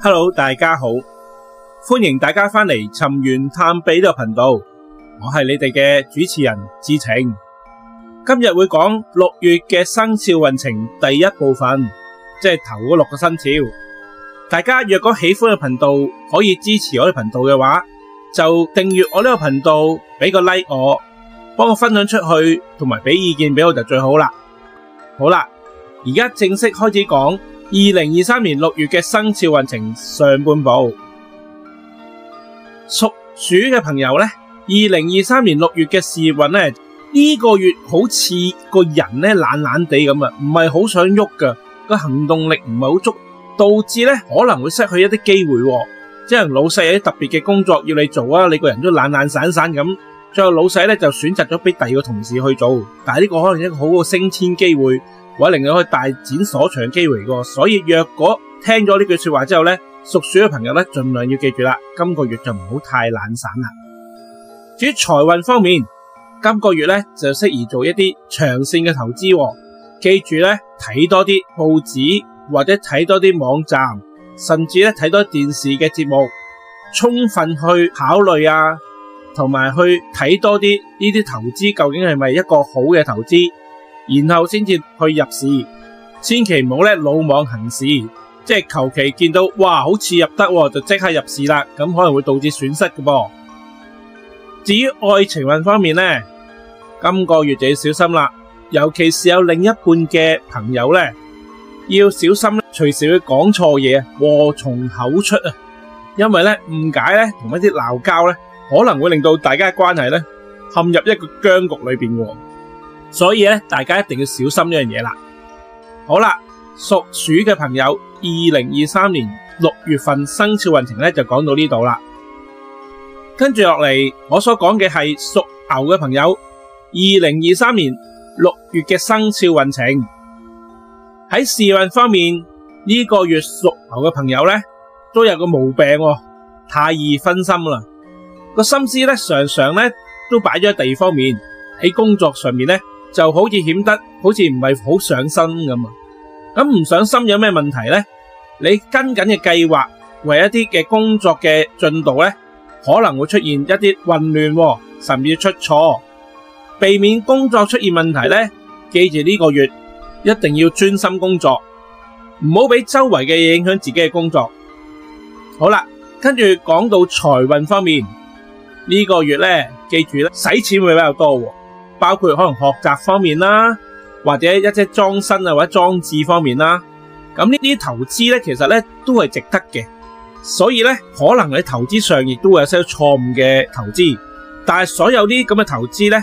Hello，大家好，歡迎大家翻嚟尋願探秘呢個頻道，我係你哋嘅主持人智澄，今日會講六月嘅生肖運程第一部分，即係頭六個生肖。大家若果喜歡嘅頻道，可以支持我哋頻道嘅話，就訂閱我呢個頻道，俾個 like 我，幫我分享出去，同埋俾意見俾我就最好啦。好啦，而家正式開始講。二零二三年六月嘅生肖運程上半部，屬鼠嘅朋友呢，二零二三年六月嘅事業運呢，呢個月好似個人呢懶懶地咁啊，唔係好想喐噶，個行動力唔係好足，導致呢可能會失去一啲機會喎。即係老細有啲特別嘅工作要你做啊，你個人都懶懶散散咁，最後老細呢就選擇咗俾第二個同事去做，但係呢個可能一個好好升遷機會。或者令你可以大展所長機會個，所以若果聽咗呢句說話之後咧，屬鼠嘅朋友咧，盡量要記住啦，今個月就唔好太懶散啦。至於財運方面，今個月咧就適宜做一啲長線嘅投資，記住咧睇多啲報紙或者睇多啲網站，甚至咧睇多電視嘅節目，充分去考慮啊，同埋去睇多啲呢啲投資究竟係咪一個好嘅投資。然後先至去入市，千祈唔好咧魯莽行事，即係求其見到哇，好似入得就即刻入市啦，咁可能會導致損失嘅噃。至於愛情運方面呢，今個月就要小心啦，尤其是有另一半嘅朋友呢，要小心隨時會講錯嘢，禍從口出啊！因為呢誤解呢同一啲鬧交呢，可能會令到大家關係呢陷入一個僵局裏邊喎。所以咧，大家一定要小心呢樣嘢啦。好啦，屬鼠嘅朋友，二零二三年六月份生肖運程咧就講到呢度啦。跟住落嚟，我所講嘅係屬牛嘅朋友，二零二三年六月嘅生肖運程。喺事運方面，呢、這個月屬牛嘅朋友咧都有個毛病、哦，太易分心啦。個心思咧，常常咧都擺咗喺第二方面，喺工作上面咧。就好似顯得好似唔係好上心咁啊！咁唔上心有咩問題咧？你跟緊嘅計劃為一啲嘅工作嘅進度咧，可能會出現一啲混亂甚至出錯。避免工作出現問題咧，記住呢個月一定要專心工作，唔好俾周圍嘅嘢影響自己嘅工作。好啦，跟住講到財運方面，呢個月咧，記住咧，使錢會比較多。包括可能學習方面啦，或者一啲裝身啊或者裝置方面啦，咁呢啲投資咧，其實咧都係值得嘅。所以咧，可能你投資上亦都會有些錯誤嘅投資，但係所有啲咁嘅投資咧，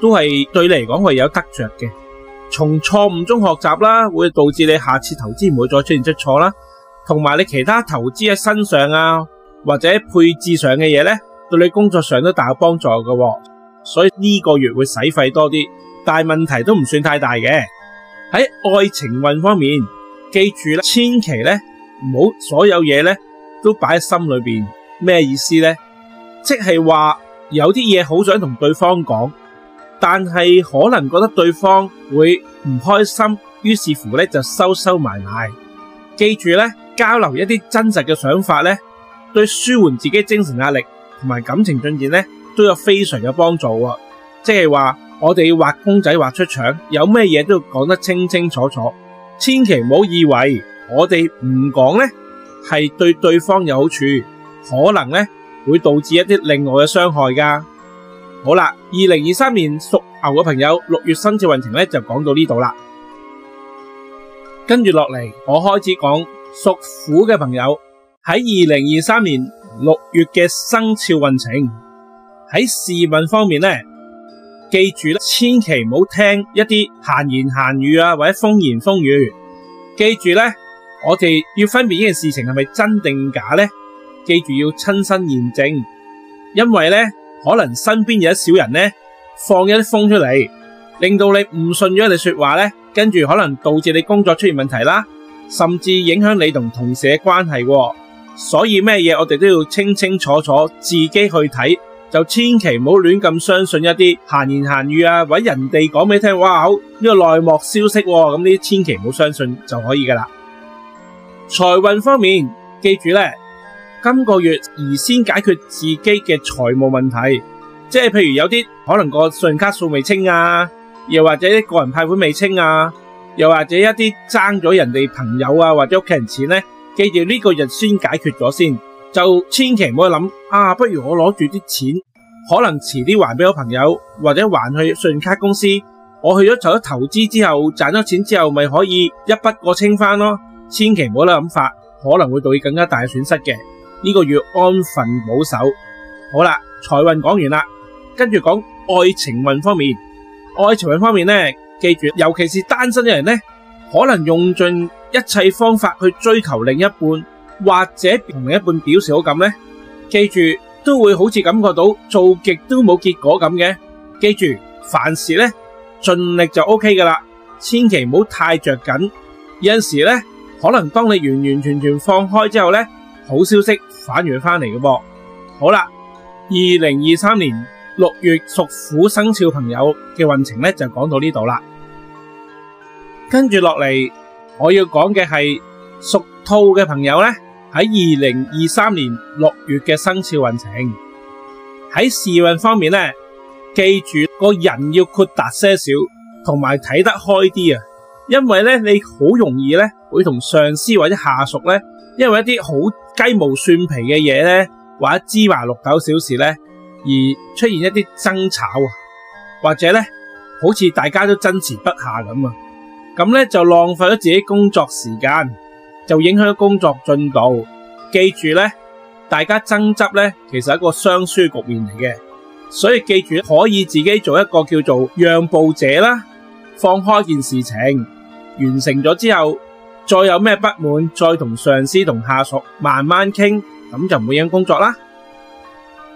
都係對你嚟講係有得着嘅。從錯誤中學習啦，會導致你下次投資唔會再出現出錯啦，同埋你其他投資喺身上啊或者配置上嘅嘢咧，對你工作上都大有幫助嘅。所以呢個月會使費多啲，但係問題都唔算太大嘅。喺愛情運方面，記住咧，千祈咧唔好所有嘢咧都擺喺心裏邊，咩意思呢？即係話有啲嘢好想同對方講，但係可能覺得對方會唔開心，於是乎咧就收收埋埋。記住咧，交流一啲真實嘅想法咧，對舒緩自己精神壓力同埋感情進展咧。都有非常有幫助啊！即係話，我哋要畫公仔畫出腸，有咩嘢都要講得清清楚楚。千祈唔好以為我哋唔講咧，係對對方有好處，可能咧會導致一啲另外嘅傷害噶。好啦，二零二三年屬牛嘅朋友，六月生肖運程咧就講到呢度啦。跟住落嚟，我開始講屬虎嘅朋友喺二零二三年六月嘅生肖運程。喺事業方面咧，記住咧，千祈唔好聽一啲閒言閒語啊，或者風言風語。記住咧，我哋要分辨呢件事情係咪真定假咧。記住要親身驗證，因為咧可能身邊有一小人咧放一啲風出嚟，令到你唔信咗佢哋說話咧，跟住可能導致你工作出現問題啦，甚至影響你同同事嘅關係。所以咩嘢我哋都要清清楚楚，自己去睇。就千祈唔好亂咁相信一啲閒言閒語啊，搵人哋講俾你聽，哇好呢、這個內幕消息、啊，咁呢千祈唔好相信就可以噶啦。財運方面，記住呢，今個月而先解決自己嘅財務問題，即係譬如有啲可能個信用卡數未清啊，又或者個人貸款未清啊，又或者一啲爭咗人哋朋友啊或者屋企人錢呢，記住呢個日先解決咗先。就千祈唔好諗啊！不如我攞住啲錢，可能遲啲還俾我朋友，或者還去信用卡公司。我去咗做咗投資之後，賺咗錢之後，咪可以一筆過清翻咯。千祈唔好呢諗法，可能會導致更加大嘅損失嘅。呢、這個月安分保守好啦，財運講完啦，跟住講愛情運方面，愛情運方面咧，記住，尤其是單身嘅人咧，可能用盡一切方法去追求另一半。或者同另一半表示好感呢，記住都會好似感覺到做極都冇結果咁嘅。記住凡事呢盡力就 OK 噶啦，千祈唔好太着緊。有陣時呢，可能當你完完全全放開之後呢，好消息反而會翻嚟嘅噃。好啦，二零二三年六月屬虎生肖朋友嘅運程呢就講到呢度啦。跟住落嚟我要講嘅係屬兔嘅朋友呢，喺二零二三年六月嘅生肖運程，喺事運方面咧，記住個人要豁達些少，同埋睇得開啲啊！因為咧，你好容易咧會同上司或者下屬咧，因為一啲好雞毛蒜皮嘅嘢咧，或者芝麻綠豆小事咧，而出現一啲爭吵啊，或者咧好似大家都爭持不下咁啊！咁咧就浪費咗自己工作時間。就影響工作進度。記住咧，大家爭執咧，其實係一個雙輸局面嚟嘅。所以記住，可以自己做一個叫做讓步者啦，放開件事情，完成咗之後，再有咩不滿，再同上司同下屬慢慢傾，咁就唔會影響工作啦。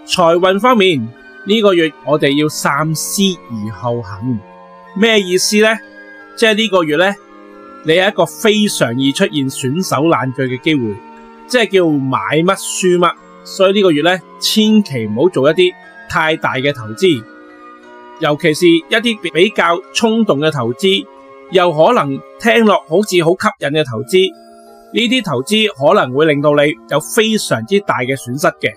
財運方面呢個月我哋要三思而後行，咩意思咧？即係呢個月咧。你係一個非常易出現損手爛腳嘅機會，即係叫買乜輸乜，所以呢個月呢，千祈唔好做一啲太大嘅投資，尤其是一啲比較衝動嘅投資，又可能聽落好似好吸引嘅投資，呢啲投資可能會令到你有非常之大嘅損失嘅。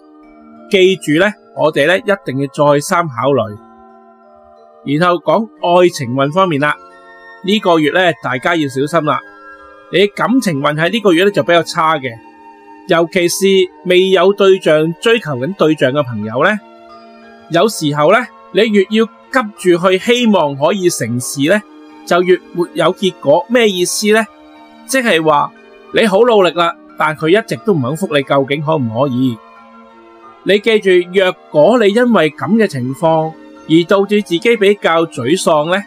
記住呢，我哋呢一定要再三考慮，然後講愛情運方面啦。呢個月咧，大家要小心啦！你感情運喺呢個月咧就比較差嘅，尤其是未有對象追求緊對象嘅朋友咧，有時候咧你越要急住去希望可以成事咧，就越沒有結果。咩意思咧？即係話你好努力啦，但佢一直都唔肯復你，究竟可唔可以？你記住，若果你因為咁嘅情況而導致自己比較沮喪咧。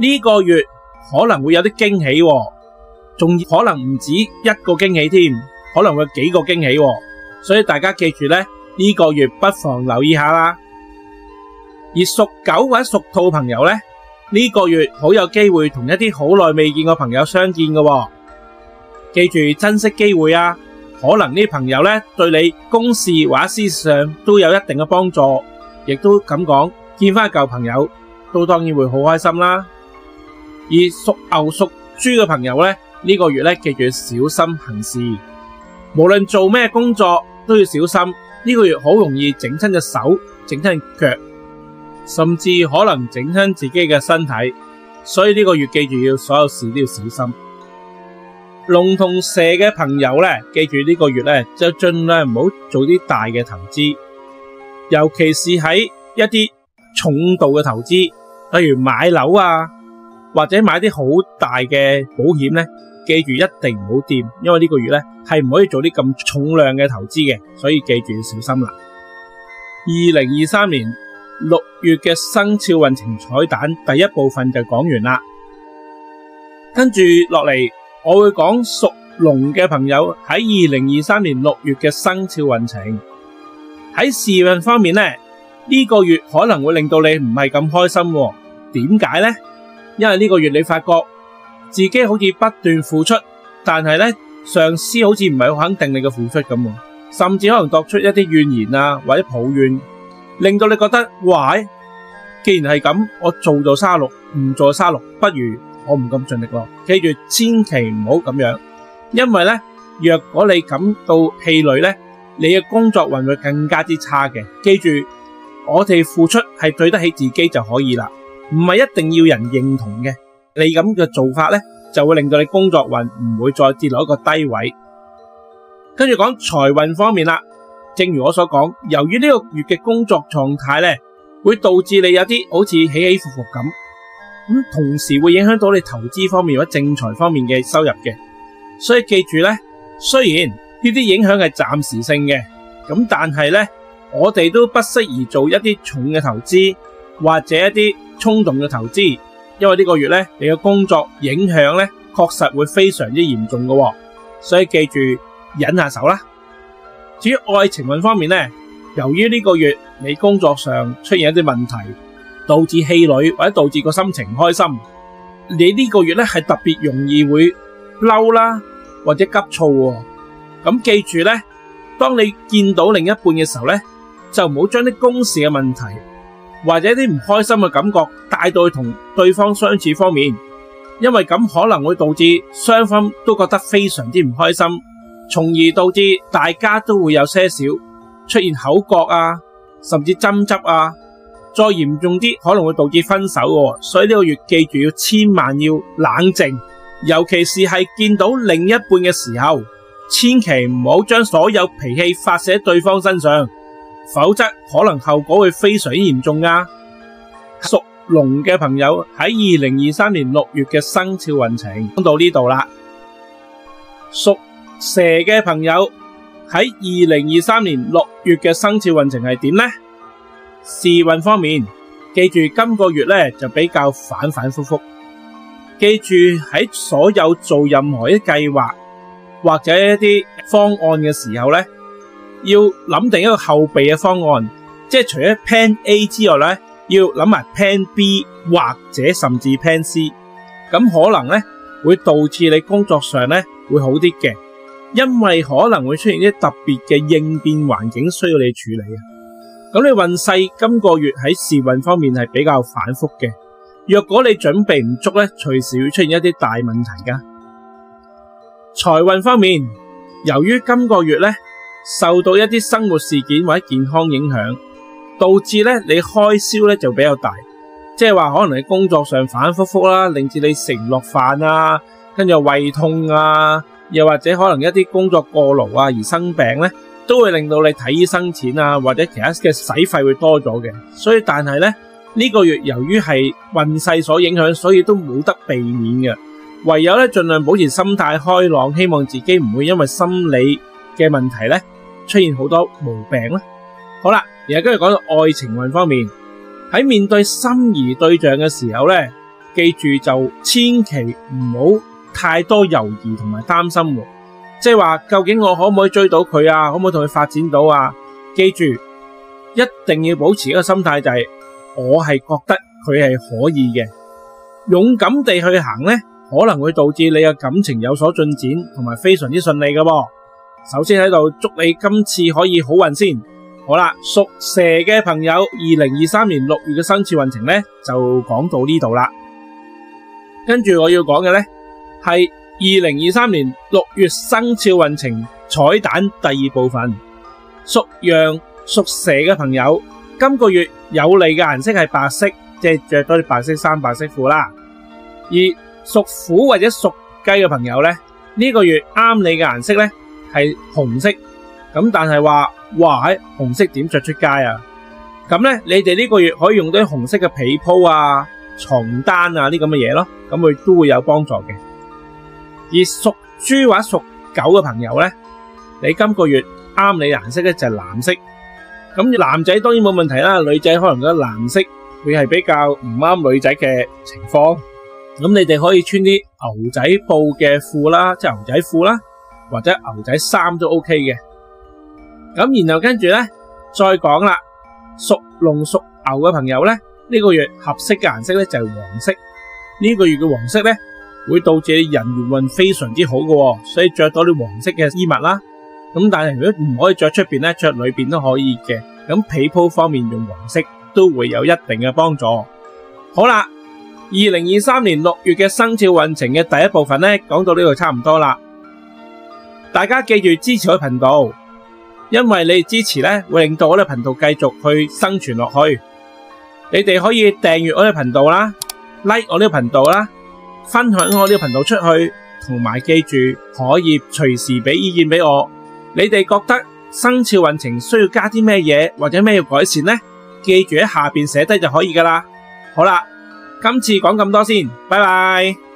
呢個月可能會有啲驚喜，仲可能唔止一個驚喜添，可能會有幾個驚喜。所以大家記住咧，呢、這個月不妨留意下啦。而屬狗或者屬兔朋友咧，呢、這個月好有機會同一啲好耐未見嘅朋友相見嘅。記住珍惜機會啊！可能呢啲朋友咧，對你公事或者事上都有一定嘅幫助，亦都咁講見翻舊朋友都當然會好開心啦。而屬牛、屬豬嘅朋友呢，呢個月呢，記住要小心行事，無論做咩工作都要小心。呢個月好容易整親隻手、整親腳，甚至可能整親自己嘅身體，所以呢個月記住要所有事都要小心。龍同蛇嘅朋友呢，記住呢個月呢，就盡量唔好做啲大嘅投資，尤其是喺一啲重度嘅投資，例如買樓啊。或者買啲好大嘅保險咧，記住一定唔好掂，因為呢個月咧係唔可以做啲咁重量嘅投資嘅，所以記住要小心啦。二零二三年六月嘅生肖運程彩蛋第一部分就講完啦，跟住落嚟我會講屬龍嘅朋友喺二零二三年六月嘅生肖運程喺事業方面咧呢，呢個月可能會令到你唔係咁開心，點解咧？因為呢個月你發覺自己好似不斷付出，但係呢，上司好似唔係好肯定你嘅付出咁，甚至可能度出一啲怨言啊或者抱怨，令到你覺得喂，既然係咁，我做又三十六，唔做又三十六，不如我唔咁盡力咯。記住千祈唔好咁樣，因為呢，若果你感到氣餒呢，你嘅工作運會更加之差嘅。記住我哋付出係對得起自己就可以啦。唔係一定要人認同嘅，你咁嘅做法咧，就會令到你工作運唔會再跌落一個低位。跟住講財運方面啦，正如我所講，由於呢個月嘅工作狀態咧，會導致你有啲好似起起伏伏咁，咁同時會影響到你投資方面或者正財方面嘅收入嘅。所以記住咧，雖然呢啲影響係暫時性嘅，咁但係咧，我哋都不適宜做一啲重嘅投資或者一啲。衝動嘅投資，因為呢個月呢，你嘅工作影響呢，確實會非常之嚴重嘅，所以記住忍下手啦。至於愛情運方面呢，由於呢個月你工作上出現一啲問題，導致氣餒或者導致個心情開心，你呢個月呢係特別容易會嬲啦或者急躁。咁記住呢，當你見到另一半嘅時候呢，就唔好將啲公事嘅問題或者啲唔開心嘅感覺帶到去同對方相處方面，因為咁可能會導致雙方都覺得非常之唔開心，從而導致大家都會有些少出現口角啊，甚至爭執啊，再嚴重啲可能會導致分手噶、啊。所以呢個月記住要千萬要冷靜，尤其是係見到另一半嘅時候，千祈唔好將所有脾氣發洩喺對方身上。否則可能後果會非常之嚴重㗎、啊。屬龍嘅朋友喺二零二三年六月嘅生肖運程講到呢度啦。屬蛇嘅朋友喺二零二三年六月嘅生肖運程係點呢？時運方面，記住今個月呢就比較反反复复。記住喺所有做任何一計劃或者一啲方案嘅時候呢。要諗定一個後備嘅方案，即係除咗 Plan A 之外咧，要諗埋 Plan B 或者甚至 Plan C，咁可能咧會導致你工作上咧會好啲嘅，因為可能會出現啲特別嘅應變環境需要你處理啊。咁你運勢今個月喺事運方面係比較反覆嘅，若果你準備唔足咧，隨時會出現一啲大問題噶。財運方面，由於今個月咧。受到一啲生活事件或者健康影響，導致呢你開銷呢就比較大，即係話可能你工作上反反复复啦，令至你食唔落飯啊，跟住胃痛啊，又或者可能一啲工作過勞啊而生病呢，都會令到你睇醫生錢啊或者其他嘅使費會多咗嘅。所以但係呢，呢，呢個月由於係運勢所影響，所以都冇得避免嘅，唯有呢，盡量保持心態開朗，希望自己唔會因為心理。嘅問題咧出現好多毛病啦。好啦，而家跟住講到愛情運方面，喺面對心儀對象嘅時候咧，記住就千祈唔好太多猶豫同埋擔心，即係話究竟我可唔可以追到佢啊？可唔可以同佢發展到啊？記住一定要保持一個心態，就是，就係我係覺得佢係可以嘅，勇敢地去行咧，可能會導致你嘅感情有所進展，同埋非常之順利嘅。首先喺度祝你今次可以好運先。好啦，屬蛇嘅朋友，二零二三年六月嘅生肖運程呢就講到呢度啦。跟住我要講嘅呢係二零二三年六月生肖運程彩蛋第二部分。屬羊、屬蛇嘅朋友，今個月有利嘅顏色係白色，即係着多啲白色衫、白色褲啦。而屬虎或者屬雞嘅朋友呢，呢、這個月啱你嘅顏色呢？係紅色。咁，但係話哇喺紅色點着出街啊？咁咧，你哋呢個月可以用啲紅色嘅被鋪啊、床單啊啲咁嘅嘢咯，咁佢都會有幫助嘅。而屬豬或者屬狗嘅朋友咧，你今個月啱你顏色咧就係藍色。咁、嗯、男仔當然冇問題啦，女仔可能覺得藍色會係比較唔啱女仔嘅情況。咁、嗯、你哋可以穿啲牛仔布嘅褲啦，即係牛仔褲啦。或者牛仔衫都 OK 嘅，咁然後跟住咧再講啦。屬龍屬牛嘅朋友咧，呢個月合適嘅顏色咧就係黃色。呢個月嘅黃色咧會導致你人緣運非常之好嘅，所以着多啲黃色嘅衣物啦。咁但係如果唔可以着出邊咧，着裏邊都可以嘅。咁被鋪方面用黃色都會有一定嘅幫助。好啦，二零二三年六月嘅生肖運程嘅第一部分咧，講到呢度差唔多啦。大家記住支持我的頻道，因為你哋支持呢，會令到我呢個頻道繼續去生存落去。你哋可以訂閱我呢個頻道啦，like 我呢個頻道啦，分享我呢個頻道出去，同埋記住可以隨時俾意見俾我。你哋覺得生肖運程需要加啲咩嘢或者咩要改善呢？記住喺下面寫低就可以㗎喇。好啦，今次講咁多先，拜拜。